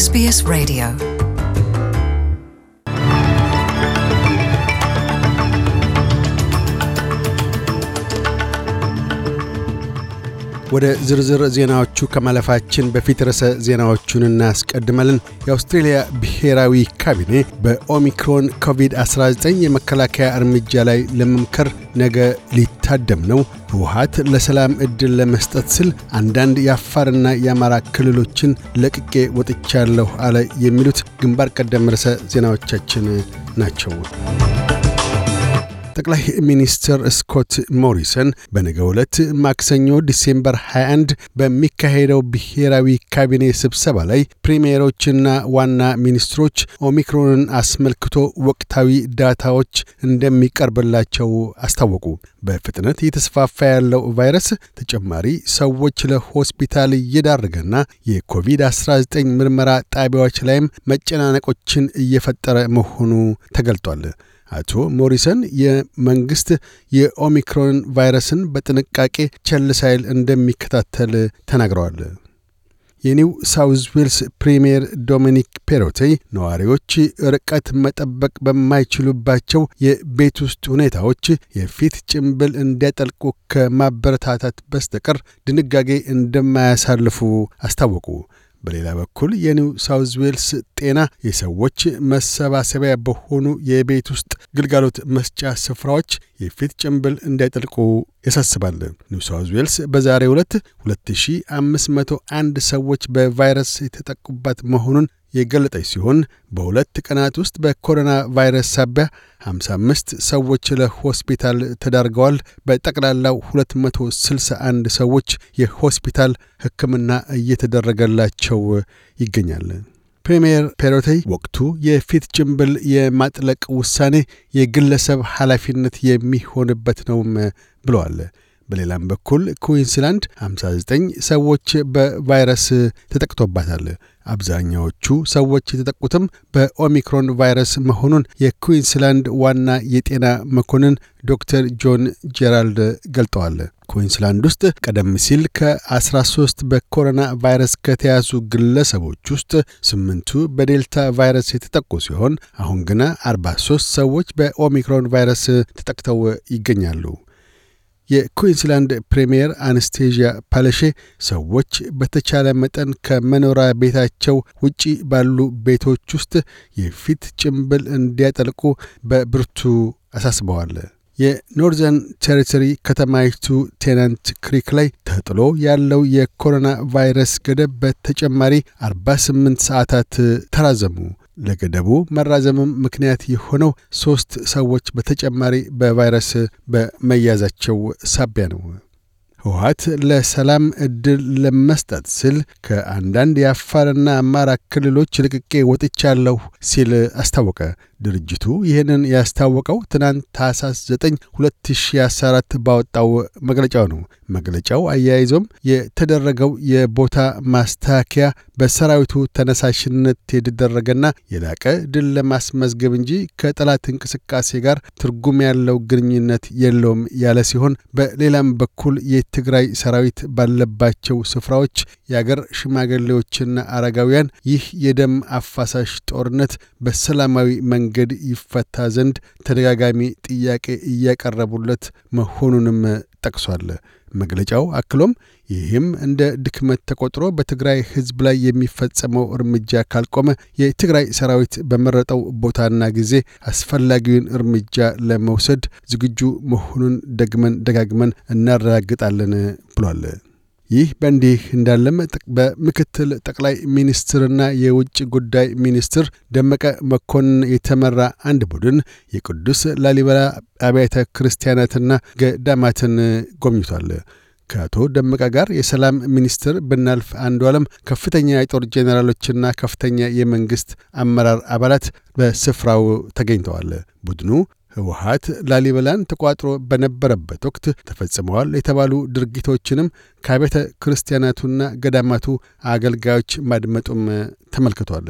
SBS Radio ወደ ዝርዝር ዜናዎቹ ከማለፋችን በፊት ርዕሰ ዜናዎቹን እናስቀድመልን። የአውስትሬልያ ብሔራዊ ካቢኔ በኦሚክሮን ኮቪድ-19 የመከላከያ እርምጃ ላይ ለመምከር ነገ ሊታደም ነው። ህወሀት ለሰላም ዕድል ለመስጠት ስል አንዳንድ የአፋርና የአማራ ክልሎችን ለቅቄ ወጥቻለሁ አለ። የሚሉት ግንባር ቀደም ርዕሰ ዜናዎቻችን ናቸው። ጠቅላይ ሚኒስትር ስኮት ሞሪሰን በነገ ዕለት ማክሰኞ ዲሴምበር 21 በሚካሄደው ብሔራዊ ካቢኔ ስብሰባ ላይ ፕሪምየሮችና ዋና ሚኒስትሮች ኦሚክሮንን አስመልክቶ ወቅታዊ ዳታዎች እንደሚቀርብላቸው አስታወቁ። በፍጥነት እየተስፋፋ ያለው ቫይረስ ተጨማሪ ሰዎች ለሆስፒታል እየዳረገና የኮቪድ-19 ምርመራ ጣቢያዎች ላይም መጨናነቆችን እየፈጠረ መሆኑ ተገልጧል። አቶ ሞሪሰን የመንግስት የኦሚክሮን ቫይረስን በጥንቃቄ ቸል ሳይል እንደሚከታተል ተናግረዋል። የኒው ሳውዝ ዌልስ ፕሪምየር ዶሚኒክ ፔሮቴ ነዋሪዎች ርቀት መጠበቅ በማይችሉባቸው የቤት ውስጥ ሁኔታዎች የፊት ጭንብል እንዲያጠልቁ ከማበረታታት በስተቀር ድንጋጌ እንደማያሳልፉ አስታወቁ። በሌላ በኩል የኒው ሳውዝ ዌልስ ጤና የሰዎች መሰባሰቢያ በሆኑ የቤት ውስጥ ግልጋሎት መስጫ ስፍራዎች የፊት ጭንብል እንዳይጠልቁ ያሳስባል። ኒው ሳውዝ ዌልስ በዛሬ ሁለት 2501 ሰዎች በቫይረስ የተጠቁባት መሆኑን የገለጠች ሲሆን በሁለት ቀናት ውስጥ በኮሮና ቫይረስ ሳቢያ 55 ሰዎች ለሆስፒታል ተዳርገዋል። በጠቅላላው 261 ሰዎች የሆስፒታል ሕክምና እየተደረገላቸው ይገኛል። ፕሪምየር ፔሮቴ ወቅቱ የፊት ጭንብል የማጥለቅ ውሳኔ የግለሰብ ኃላፊነት የሚሆንበት ነውም ብለዋል። በሌላም በኩል ኩዊንስላንድ 59 ሰዎች በቫይረስ ተጠቅቶባታል። አብዛኛዎቹ ሰዎች የተጠቁትም በኦሚክሮን ቫይረስ መሆኑን የኩዊንስላንድ ዋና የጤና መኮንን ዶክተር ጆን ጄራልድ ገልጠዋል። ኩዊንስላንድ ውስጥ ቀደም ሲል ከ13 በኮሮና ቫይረስ ከተያዙ ግለሰቦች ውስጥ ስምንቱ በዴልታ ቫይረስ የተጠቁ ሲሆን አሁን ግና 43 ሰዎች በኦሚክሮን ቫይረስ ተጠቅተው ይገኛሉ። የኩዊንስላንድ ፕሬምየር አነስቴዥያ ፓለሼ ሰዎች በተቻለ መጠን ከመኖሪያ ቤታቸው ውጪ ባሉ ቤቶች ውስጥ የፊት ጭንብል እንዲያጠልቁ በብርቱ አሳስበዋል። የኖርዘርን ቴሪቶሪ ከተማይቱ ቴናንት ክሪክ ላይ ተጥሎ ያለው የኮሮና ቫይረስ ገደብ በተጨማሪ 48 ሰዓታት ተራዘሙ። ለገደቡ መራዘምም ምክንያት የሆነው ሦስት ሰዎች በተጨማሪ በቫይረስ በመያዛቸው ሳቢያ ነው። ህወሀት ለሰላም ዕድል ለመስጠት ሲል ከአንዳንድ የአፋርና አማራ ክልሎች ልቅቄ ወጥቻለሁ ሲል አስታወቀ። ድርጅቱ ይህንን ያስታወቀው ትናንት ታህሳስ 9 2014 ባወጣው መግለጫው ነው። መግለጫው አያይዞም የተደረገው የቦታ ማስተካከያ በሰራዊቱ ተነሳሽነት የተደረገና የላቀ ድል ለማስመዝገብ እንጂ ከጠላት እንቅስቃሴ ጋር ትርጉም ያለው ግንኙነት የለውም ያለ ሲሆን፣ በሌላም በኩል የትግራይ ሰራዊት ባለባቸው ስፍራዎች የአገር ሽማግሌዎችና አረጋውያን ይህ የደም አፋሳሽ ጦርነት በሰላማዊ መንገድ ይፈታ ዘንድ ተደጋጋሚ ጥያቄ እያቀረቡለት መሆኑንም ጠቅሷል። መግለጫው አክሎም ይህም እንደ ድክመት ተቆጥሮ በትግራይ ሕዝብ ላይ የሚፈጸመው እርምጃ ካልቆመ የትግራይ ሰራዊት በመረጠው ቦታና ጊዜ አስፈላጊውን እርምጃ ለመውሰድ ዝግጁ መሆኑን ደግመን ደጋግመን እናረጋግጣለን ብሏል። ይህ በእንዲህ እንዳለም በምክትል ጠቅላይ ሚኒስትርና የውጭ ጉዳይ ሚኒስትር ደመቀ መኮንን የተመራ አንድ ቡድን የቅዱስ ላሊበላ አብያተ ክርስቲያናትና ገዳማትን ጎብኝቷል። ከአቶ ደመቀ ጋር የሰላም ሚኒስትር ብናልፍ አንዱ ዓለም ከፍተኛ የጦር ጄኔራሎችና ከፍተኛ የመንግሥት አመራር አባላት በስፍራው ተገኝተዋል። ቡድኑ ህወሀት ላሊበላን ተቋጥሮ በነበረበት ወቅት ተፈጽመዋል የተባሉ ድርጊቶችንም ከቤተ ክርስቲያናቱና ገዳማቱ አገልጋዮች ማድመጡም ተመልክቷል።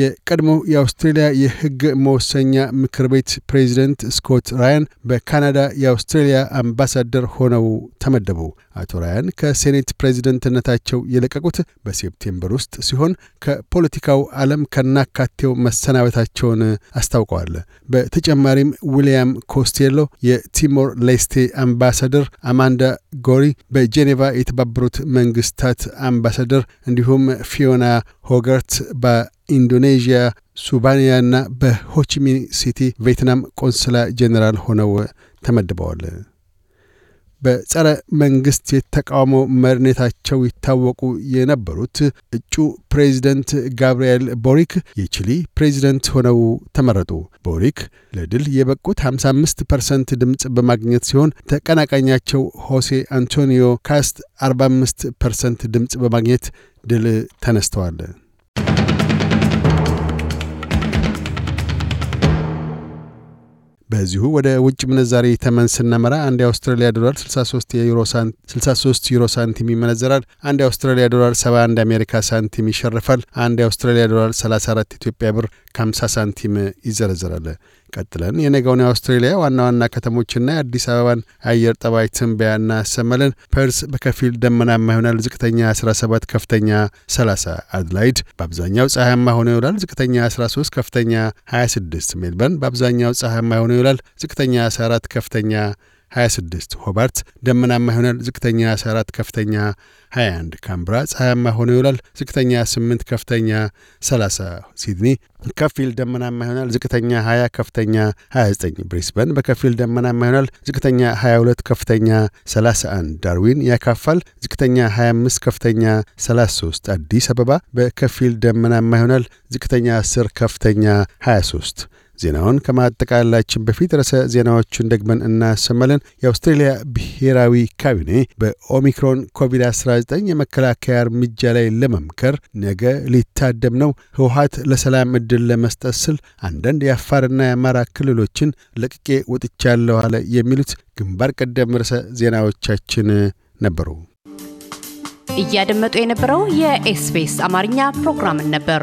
የቀድሞ የአውስትሬልያ የሕግ መወሰኛ ምክር ቤት ፕሬዚደንት ስኮት ራያን በካናዳ የአውስትሬልያ አምባሳደር ሆነው ተመደቡ። አቶ ራያን ከሴኔት ፕሬዚደንትነታቸው የለቀቁት በሴፕቴምበር ውስጥ ሲሆን ከፖለቲካው ዓለም ከናካቴው መሰናበታቸውን አስታውቀዋል። በተጨማሪም ዊልያም ኮስቴሎ የቲሞር ሌስቴ አምባሳደር፣ አማንዳ ጎሪ በጄኔቫ የተባበሩት መንግስታት አምባሳደር እንዲሁም ፊዮና ሆገርት በ ኢንዶኔዥያ ሱባንያና በሆችሚን ሲቲ ቬትናም ቆንስላ ጄኔራል ሆነው ተመድበዋል። በጸረ መንግሥት የተቃውሞ መሪነታቸው ይታወቁ የነበሩት እጩ ፕሬዚደንት ጋብርኤል ቦሪክ የቺሊ ፕሬዚደንት ሆነው ተመረጡ። ቦሪክ ለድል የበቁት 55 ፐርሰንት ድምፅ በማግኘት ሲሆን ተቀናቃኛቸው ሆሴ አንቶኒዮ ካስት 45 ፐርሰንት ድምፅ በማግኘት ድል ተነስተዋል። በዚሁ ወደ ውጭ ምንዛሬ ተመን ስናመራ አንድ የአውስትራሊያ ዶላር 63 የዩሮ 63 ዩሮ ሳንቲም ይመነዘራል። አንድ የአውስትራሊያ ዶላር 71 አሜሪካ ሳንቲም ይሸርፋል። አንድ የአውስትራሊያ ዶላር 34 ኢትዮጵያ ብር ከ50 ሳንቲም ይዘረዘራል። ቀጥለን የነገውን የአውስትሬሊያ ዋና ዋና ከተሞችና የአዲስ አበባን አየር ጠባይ ትንበያ እናሰማለን። ፐርስ በከፊል ደመናማ ይሆናል። ዝቅተኛ 17፣ ከፍተኛ 30። አድላይድ በአብዛኛው ፀሐያማ ሆኖ ይውላል። ዝቅተኛ 13፣ ከፍተኛ 26። ሜልበርን በአብዛኛው ፀሐያማ ሆኖ ይውላል። ዝቅተኛ 14፣ ከፍተኛ 26 ሆባርት ደመናማ ይሆናል። ዝቅተኛ 14 ከፍተኛ 21 ካምብራ ፀሐያማ ሆኖ ይውላል። ዝቅተኛ 8 ከፍተኛ 30 ሲድኒ ከፊል ደመናማ ይሆናል። ዝቅተኛ 20 ከፍተኛ 29 ብሪስበን በከፊል ደመናማ ይሆናል። ዝቅተኛ 22 ከፍተኛ 31 ዳርዊን ያካፋል። ዝቅተኛ 25 ከፍተኛ 33 አዲስ አበባ በከፊል ደመናማ ይሆናል። ዝቅተኛ 10 ከፍተኛ 23 ዜናውን ከማጠቃላችን በፊት ርዕሰ ዜናዎቹን ደግመን እናሰማለን። የአውስትሬልያ ብሔራዊ ካቢኔ በኦሚክሮን ኮቪድ-19 የመከላከያ እርምጃ ላይ ለመምከር ነገ ሊታደም ነው። ህወሀት ለሰላም ዕድል ለመስጠት ስል አንዳንድ የአፋርና የአማራ ክልሎችን ለቅቄ ወጥቻለሁ አለ። የሚሉት ግንባር ቀደም ርዕሰ ዜናዎቻችን ነበሩ። እያደመጡ የነበረው የኤስቢኤስ አማርኛ ፕሮግራምን ነበር።